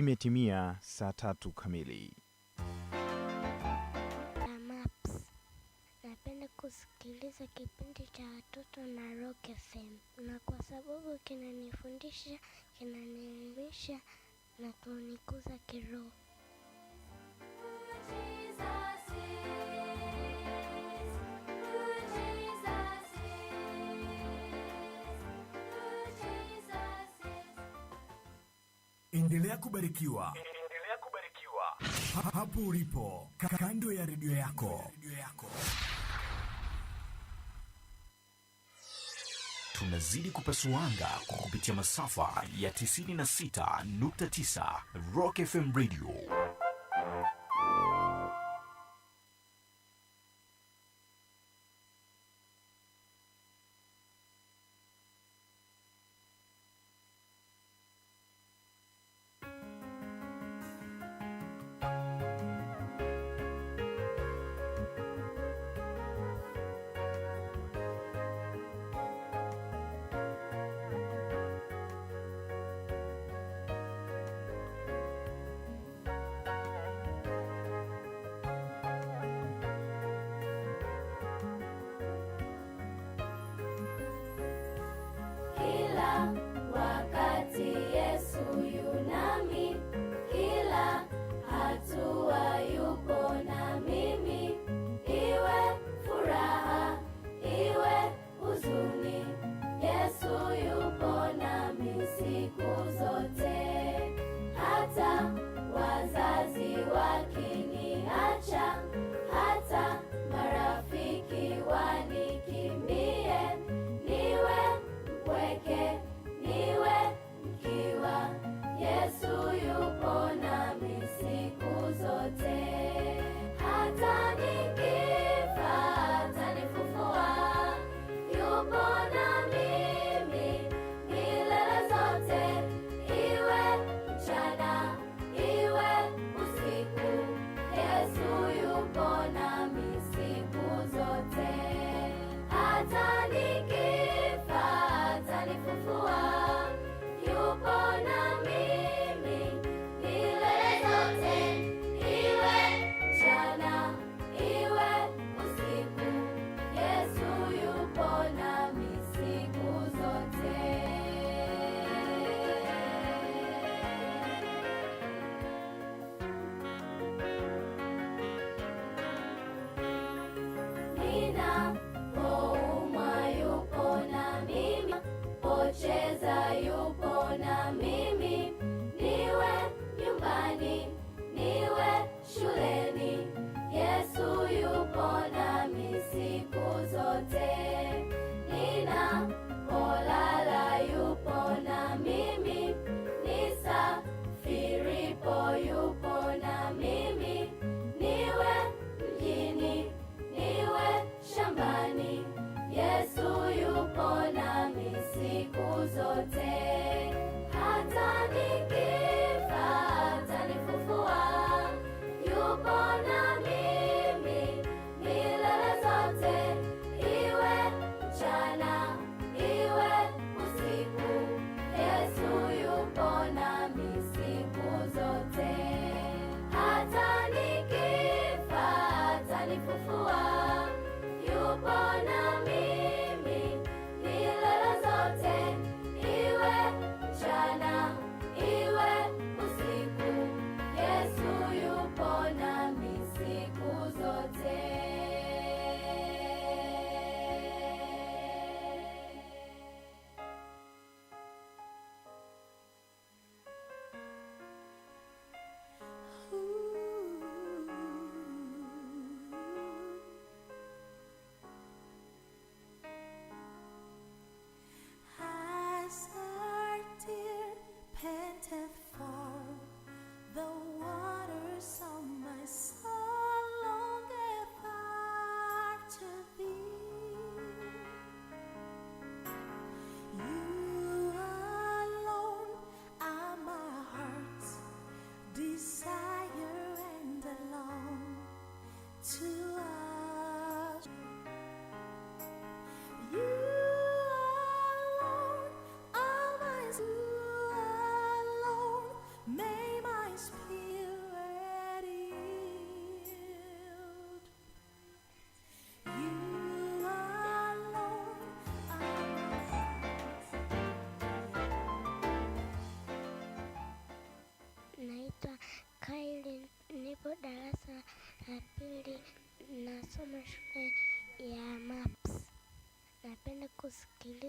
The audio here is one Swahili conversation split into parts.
Imetimia saa tatu kamili. kusikiliza kipindi cha watoto na Rock FM, na kwa sababu kinanifundisha, kinanielimisha na kunikuza kiroho. Endelea kubarikiwa. Endelea kubarikiwa. Ha, hapo ulipo kando ya redio yako. Redio yako. Tunazidi kupasuanga kwa kupitia masafa ya 96.9 Rock FM Radio.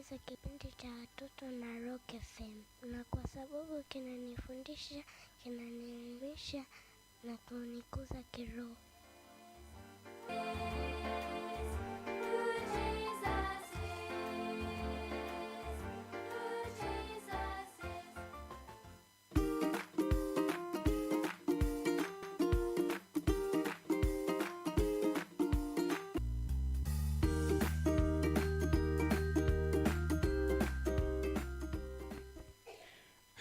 kusikiliza kipindi cha watoto na Rock FM, na kwa sababu kinanifundisha, kinanielimisha na kunikuza kiroho.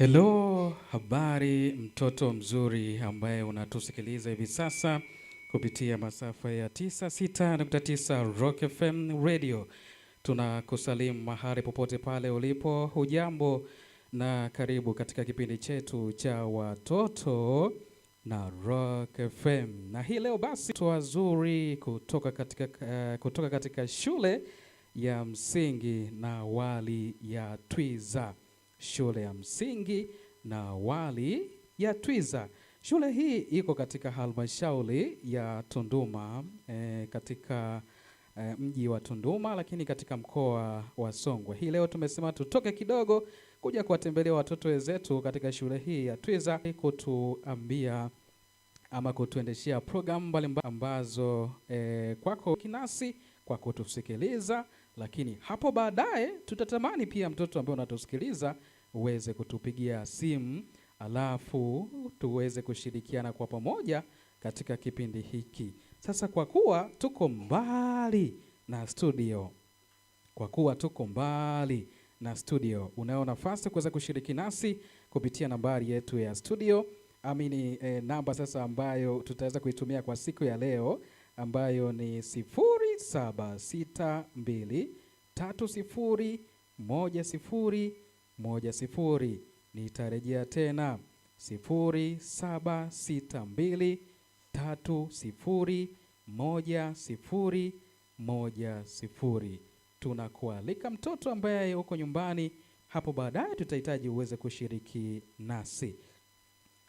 Hello, habari mtoto mzuri ambaye unatusikiliza hivi sasa kupitia masafa ya 96.9 Rock FM Radio. Tunakusalimu mahali popote pale ulipo, hujambo na karibu katika kipindi chetu cha watoto na Rock FM. Na hii leo basi watoto wazuri kutoka katika, uh, kutoka katika shule ya msingi na wali ya Twiza shule ya msingi na awali ya Twiza. Shule hii iko katika halmashauri ya Tunduma e, katika e, mji wa Tunduma lakini katika mkoa wa Songwe. Hii leo tumesema tutoke kidogo kuja kuwatembelea watoto wenzetu katika shule hii ya Twiza kutuambia ama kutuendeshea programu mbalimbali ambazo e, kwako kinasi kwa kutusikiliza lakini hapo baadaye tutatamani pia mtoto ambaye unatusikiliza uweze kutupigia simu, alafu tuweze kushirikiana kwa pamoja katika kipindi hiki. Sasa kwa kuwa tuko mbali na studio, kwa kuwa tuko mbali na studio, unayo nafasi kuweza kushiriki nasi kupitia nambari yetu ya studio amini, e, namba sasa ambayo tutaweza kuitumia kwa siku ya leo ambayo ni sifuri 0762301010. tatu sifuri moja sifuri moja sifuri. Nitarejea tena sifuri tatu sifuri moja sifuri moja sifuri. Tunakualika mtoto ambaye uko nyumbani, hapo baadaye tutahitaji uweze kushiriki nasi,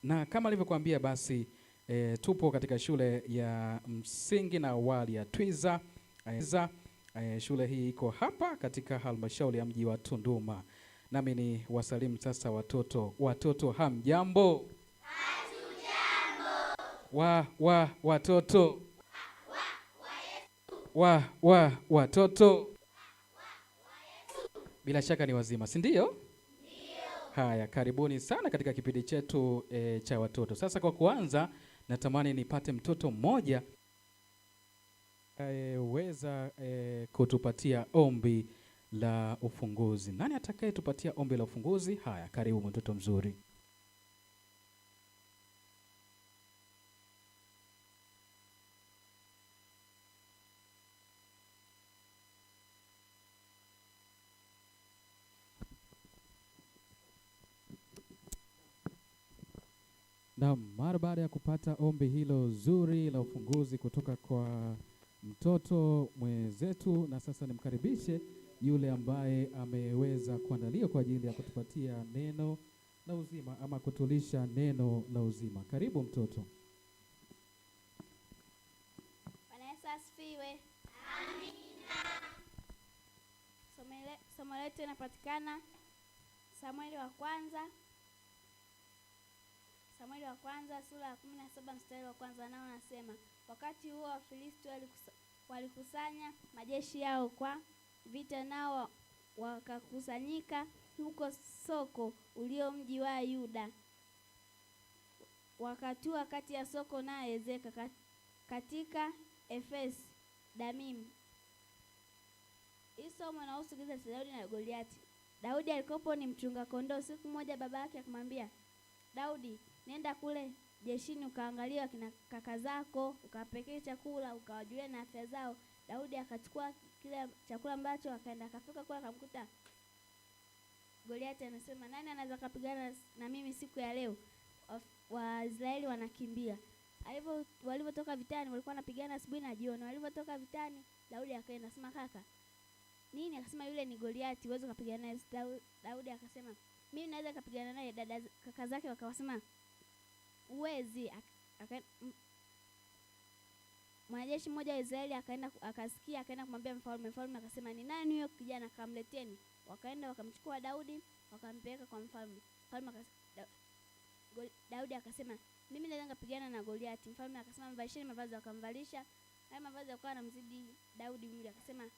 na kama alivyokuambia basi e, tupo katika shule ya msingi na awali ya Twiza Eh, shule hii iko hapa katika halmashauri ya mji wa Tunduma. Nami ni wasalimu sasa watoto. Watoto hamjambo? Wa wa watoto wa wa watoto bila shaka ni wazima, si ndio? Haya, karibuni sana katika kipindi chetu e, cha watoto. Sasa kwa kuanza, natamani nipate mtoto mmoja atakayeweza e, kutupatia ombi la ufunguzi. Nani atakayetupatia ombi la ufunguzi? Haya, karibu mtoto mzuri. Naam, mara baada ya kupata ombi hilo zuri la ufunguzi kutoka kwa mtoto mwenzetu, na sasa nimkaribishe yule ambaye ameweza kuandalia kwa ajili ya kutupatia neno la uzima ama kutulisha neno la uzima. Karibu mtoto. Bwana Yesu asifiwe. Amina. Somo letu inapatikana Samueli wa kwanza, Samueli wa kwanza sura ya kumi na saba mstari wa kwanza, nao nasema Wakati huo Wafilisti walikusanya majeshi yao kwa vita, nao wakakusanyika huko Soko ulio mji wa Yuda, wakatua kati ya Soko na Ezeka katika Efes Damim. Hii somo inahusu giza la Daudi na Goliati. Daudi alikopo ni mchunga kondoo. Siku moja baba yake akamwambia Daudi, nenda kule jeshini ukaangalia kina kaka zako, ukawapekee chakula, ukawajulia na afya zao. Daudi akachukua kile chakula ambacho akaenda akafika kule akamkuta Goliati anasema, nani anaweza kupigana na mimi siku ya leo? Waisraeli wa wanakimbia. Alivyo walivyotoka vitani, walikuwa wanapigana asubuhi na jioni. Walivyotoka vitani, Daudi akaenda sema, kaka nini? Akasema, yule ni Goliati, uweze kupigana naye. Daudi akasema, mimi naweza kupigana naye. Dada kaka zake wakawasema uwezi mwanajeshi mmoja wa Israeli akaenda akasikia akaenda kumwambia mfalme. Mfalme akasema ni nani huyo kijana, akamleteni. Wakaenda wakamchukua Daudi wakampeleka kwa mfalme. Mfalme Daudi akasema mimi naweza nikapigana na Goliati. Mfalme akasema mvalisheni mavazi, wakamvalisha haya mavazi, Yakawa anamzidi Daudi umri. Akasema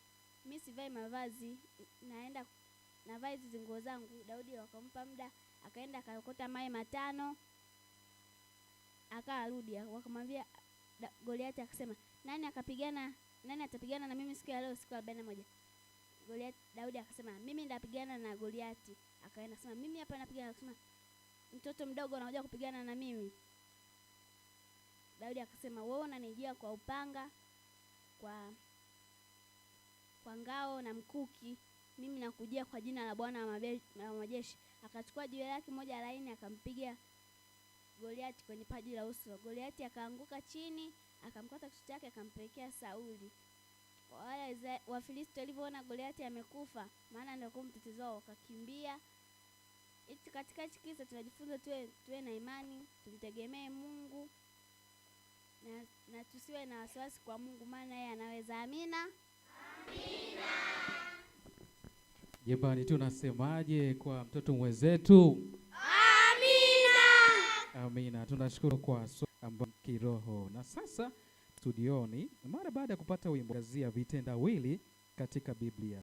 mimi sivai mavazi, naenda navaa hizi nguo zangu. Daudi wakampa muda, akaenda akaokota mawe matano akawa wakamwambia Goliati, akasema nani akapigana nani atapigana na mimi siku ya leo, siku ya arobaini na moja? Goliati, Daudi akasema mimi ndapigana na Goliati. Akaenda sema mimi hapa napigana, akasema mtoto mdogo anakuja kupigana na mimi. Daudi akasema wewe unanijia kwa upanga, kwa kwa ngao na mkuki, mimi nakujia kwa jina la Bwana wa majeshi. Akachukua jiwe lake moja laini akampiga Goliati kwenye paji la uso. Goliati akaanguka chini, akamkata kichwa chake, akampelekea Sauli. Wale Wafilisti walivyoona Goliati amekufa, maana ndio kumtetezea, wakakimbia. Hichi katika hichi kisa tunajifunza tuwe, tuwe na imani, tumtegemee Mungu na, na tusiwe na wasiwasi kwa Mungu, maana yeye anaweza. Amina, amina. Jembani, tunasemaje kwa mtoto mwenzetu? Amina, tunashukuru kwa somo kiroho. Na sasa studioni, mara baada ya kupata wimbo vitenda vitendawili katika Biblia.